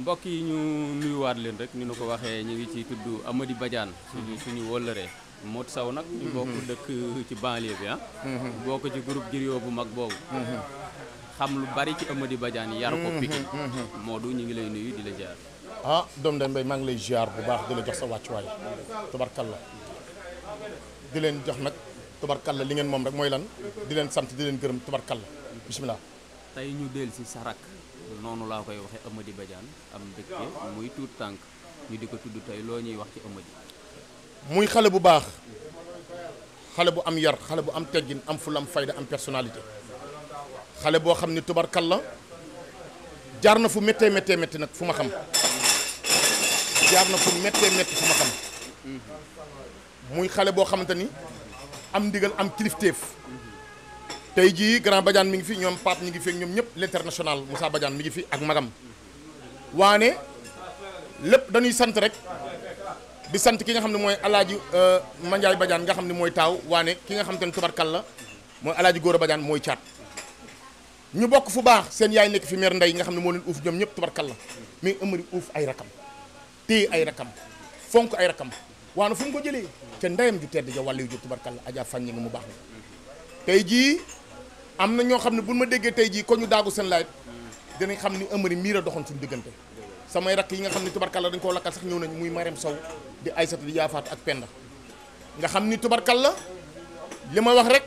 mbokk yi ñu nuyuwaat leen rek ñu nu ko waxee ñu ngi ci tudd amadi Badiane suñu suñu wëllëree Modou nag ñu bokk mhm. dëkk ci banlieue bi ah mhm. bokk ci groupe Griot bu mag boobu mhm. xam lu bari ci amadi Badiane yar ko Pikine Modou ñu ngi lay nuyu di la jaar ah doom de mbay maa ngi lay ziar bu baax di la jox sa wàccuwaay la di leen jox nag la li ngeen moom rek mooy lan di leen sant di leen gërëm tubarkalla bisimilah. tey ñu del si sarak noonu laa koy waxee Amady bajaan am mbégte muy tuut tànk ñu di ko tudd tey loo ñuy wax ci Amady muy xale bu baax xale bu am yar xale bu am teggin am fu fulam fayda am personnalité xale boo xam ni tubarkal la jaar na fu mettee méttee metti nag fu ma xam jaar na fu méttee métti fu ma xam mm-hmm. muy xale boo xamante ni am ndigal am kilifteef tey jii grand Badiane mi ngi fi ñoom Pape mi ngi fi ñoom ñëpp l'international Moussa Badiane mi ngi fi ak magam waane lépp dañuy sant rek di sant ki nga xam ne mooy alaaji euh, Mandiaye Badiane nga xam ne mooy taaw waane ki nga xam te ne tubarkal la mooy alaaji Gora Badiane mooy caat ñu bokk fu baax seen yaay nekk fi meer ndey nga xam ne moo leen uuf ñoom ñëpp tubarkal la mais ëmari uuf ay rakam téye ay rakam fonk ay rakam waane fu mu ko jëlee te ndeyam ju tedd ja wàllu ju tubarkal la ajaa fàññi nga mu baax na tey jii am na ñoo xam ne bu ma déggee tey jii ko ñu daagu seen laay danañ xam ni Amary mii la doxoon suñu diggante samay rakk yi nga xam ne la dañ koo lakkal sax ñëw nañu muy Marème Sow di Aïssata di Yaafaat ak Penda nga xam ni la li ma wax rek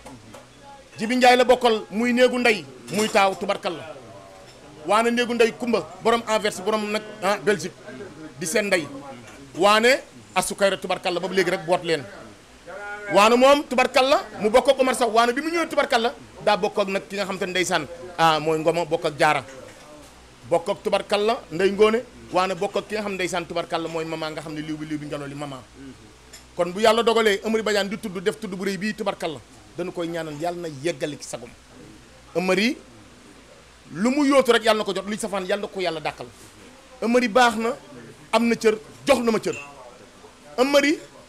Jibi Njaay la bokkal muy néegu ndey muy taaw tubarkalla waane néegu ndey Kumba borom Anvers borom nag ah Belgique di seen ndey waane asukay rek la ba léegi rek boot leen waanu moom tubarkal la mu bokk ak Omar Sow waanu bi mu ñëwee tubarkal la daa bokk ak nag ki nga xam te ne ndeysaan ah mooy ngoma bokk ak jaara bokk ak tubarkal la ndey ngóone waane bokk ak ki nga xam ne ndeysaan tubarkal la mooy mama nga xam ne liw bi liw bi njaloo li mama kon bu yàlla dogalee Amary Badiane di tudd def tudd bu rëy bii tubarkal la dañu koy ñaanal yàlla na yeggali ci sagum lu mu yootu rek yàlla na ko jot luy safaan yàlla na ko yàlla dàqal baax na am na cër jox na ma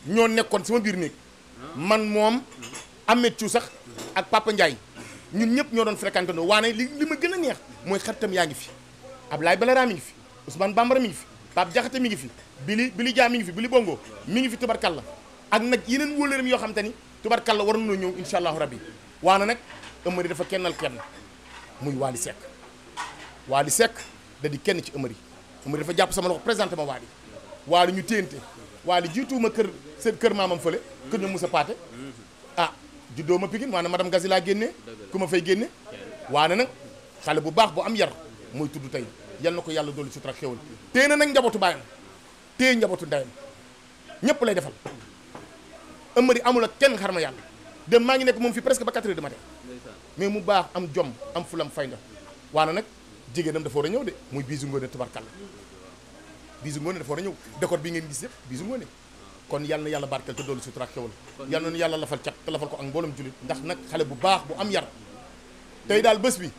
ñoo nekkoon sama biir néeg man moom Ahmed Thiou sax ak Papa Ndiaye ñun ñëpp ñoo doon fréquenté ndoo waane li li ma gën a neex mooy xaritam yaa ngi fi ab Ablaye Balara mi ngi fi Ousmane Bambara mi ngi fi Pape Diakhaté mi ngi fi Bili Bili Dia mi ngi fi Bili Bongo mi ngi fi tubarkalla ak nag yeneen wóolëram yoo xam te ni la war nañoo ñëw insha allahu rabbi waane nag Amari dafa kennal kenn muy Waly Seck Waly Seck da di kenn ci Amari Amari dafa jàpp sama présenté ma Waly Waly waa li jiituwuma kër seen kër maamam fële kër ñoom Moussa Paate ah juddoo ma Pikine waane madame Gazi laa génnee ku ma fay génne waane nag xale bu baax bu am yar mooy tudd tey yal na ko yàlla doolu si sutura xéwal te na nag njabootu baayam te njabootu ndeyam ñëpp lay defal ëmmëri amul ak kenn xarma yàlla dem maa ngi nekk moom fii presque ba 4 heures du matin mais mu baax am jom am fulam fayda waane nag jigéenam dafa war a ñëw de muy bisu ngoone tubarkalla bisu ngoone dafa war a ñëw décor bi ngeen gis yëpp bisu ngoone kon yàlla na yàlla barkeel te doolu sutura ak yàlla na yàlla lafal cat te lafal ko ak mboolem julit ndax nag xale bu baax bu am yar tey daal bés bi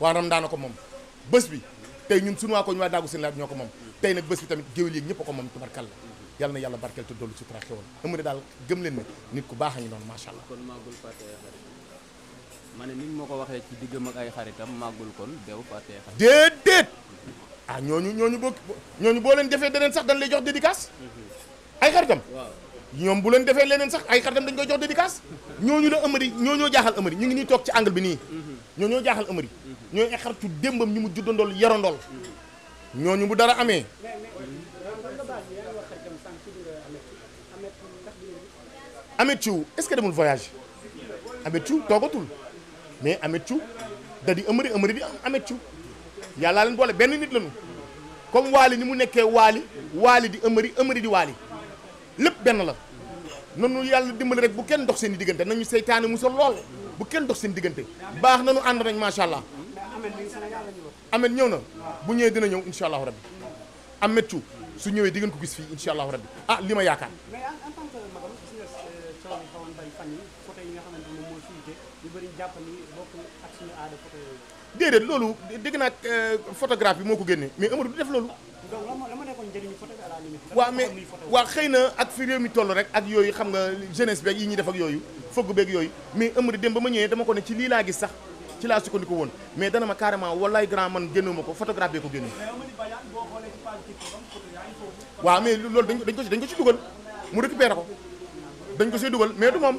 waa ramdaana ko moom bés bi tey ñun suñu waa ko ñu waa daagu seen laaj ñoo ko moom tey nag bés bi tamit géwél yi ñëpp ko moom tubarkal la yàlla na yàlla barkeel te doolu sutura ak xewal amu daal gëm leen nit ku baax a ngi noonu macha allah kon màggul fàtte ma ko waxee ci diggam ak ay xaritam màggul kon dew fàtte xarit déedéet ah ñooñu ñooñu boo ñooñu boo leen defee deneen sax dañ lay jox dédicace ay xaritam ñoom bu leen defee leneen sax ay xaritam dañ koy jox dédicace ñooñu la Amary ñoo ñoo jaaxal Amary ñu ngi nii toog ci angle bi ñoo ñoo jaaxal Amary ñooy ay démbam ñu mu juddandool yarandool ñooñu bu dara amee Amet Thiou est-ce que demul voyage Amet Thiou toogatul mais Amet Thiou da di Amary bi di Amet yàllaa leen boole benn nit lañu comme waali ni mu nekkee waali waali di ëmëri ëmëri di waali lépp benn la nanu yàlla dimbali rek bu kenn dox seen i diggante nañu seytaane musal lool bu kenn dox seen diggante baax nanu ànd nañ macha allah amet ñëw na bu ñëwee dina ñëw incha allahu am amet su ñëwee di ngeen ko gis fii incha allahu rabbi ah li ma yaakaar doon bay yi photo yi nga xamante moom déedéet loolu dégg naa euh, photographe bi moo ko génne mais Amadou du def loolu donc la ma nekkoon njëriñu photo bi à la mais waaw xëy na ak fi réew mi toll rek ak yooyu xam nga jeunesse beeg yi ñuy def ak yooyu fogg beeg yooyu mais Amadou dem ba ma ñëwee dama ko ne ci lii laa gis sax ci laa sukkandiku woon mais dana ma carrément wallaay grand man génnuma ko photographe bee ko génne waaw mais loolu dañ ko dañ ko ci dugal mu récupéré ko dañ ko see dugal mais du moom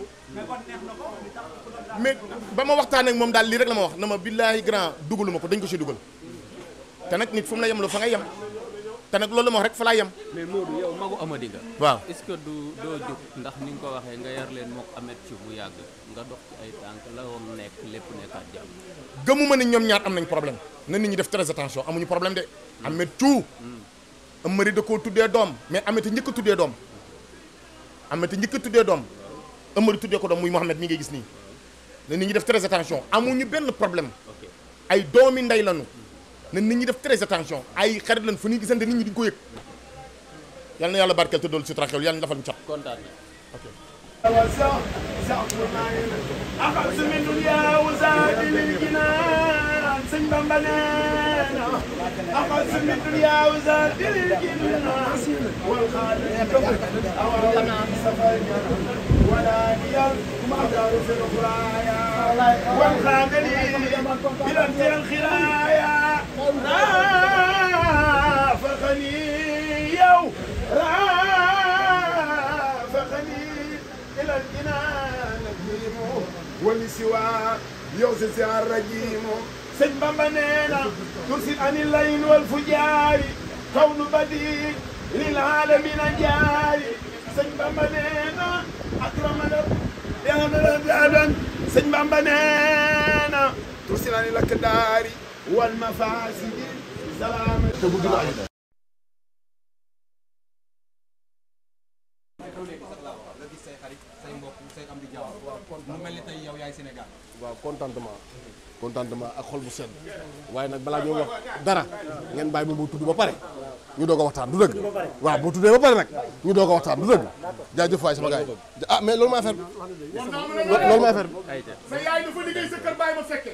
mais ba ma waxtaan ak moom daal lii rek la ma wax na ma billaahi grand dugaluma ko dañ ko see dugal te nag nit fu mu la yem la fa ngay yem te nag loolu ma rek fa laa yem. mais Modou yow magu que du doo jóg ko waxee nga yar leen mook amet ci bu yàgg nga dox ci ay tànk la woon nekk lépp nekkaat jàmm. gëmuma ni ñoom ñaar am nañ problème na nit ñi def très attention amuñu problème de. Hmm. amet cu hmm. Amady da ko tuddee doom mais amet a njëkk tuddee doom. am na te njëkk a tuddee doom Amary tuddee ko doom muy Mouhamed mi ngay gis nii na nit ñi def très attention amuñu benn problème ay doomi ndey lanu na nit ñi def très attention ay xarit lan fu ñuy gisante nit ñi di ko yëg yal na yàlla barkeel te doon sutura xew yal na defal ñu cat kontaan ok sëñ أخذت من الدنيا وزاد الجنة والخالق أولم سفر ولا نيل مدار في الخرايا والخادلين بلمتي الخرايا رافقني يو رافقني إلى الجنان الجيم ولسوى يوسف الرجيم sëñ Bamba tursi ani layin wal fujaari kaw nu badi lil aalamiina jaari sëñ Bamba nee na yaana daadan sëñ Bamba tursi ani lakk daari wal mafaasidi salaama te bu dul ajuda say mbokk say am di contentement ak xol bu sedd waaye nag balaa ñoo wax dara ngeen bàyyi moom mu tudd ba pare ñu doog a waxtaan du dëgg waaw boo tuddee ba pare nag ñu doog a waxtaan du dëgg jaajëf waay sama gars yi ah mais loolu ma affaire bi loolu ma affaire bi sa yaay dafa liggéey sa kër bàyyi ma fekke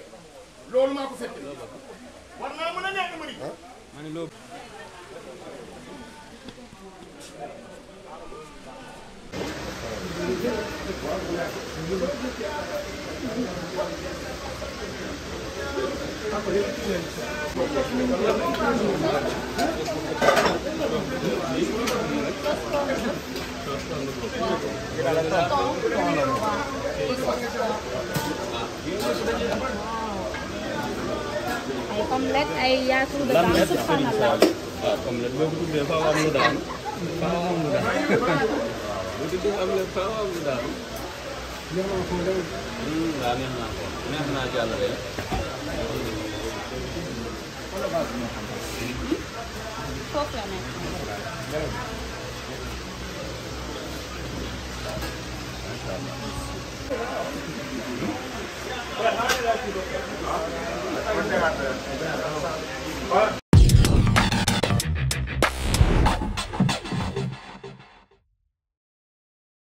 ay omelette ay yaatu de daan subhanallah waaw omelette boo ko tuddee faaw am lu daan faaw am lu daan bu tuddee omelette faaw am lu daan hmm, neex naa ko neex naa jàllale foofu la nekk. Thank you.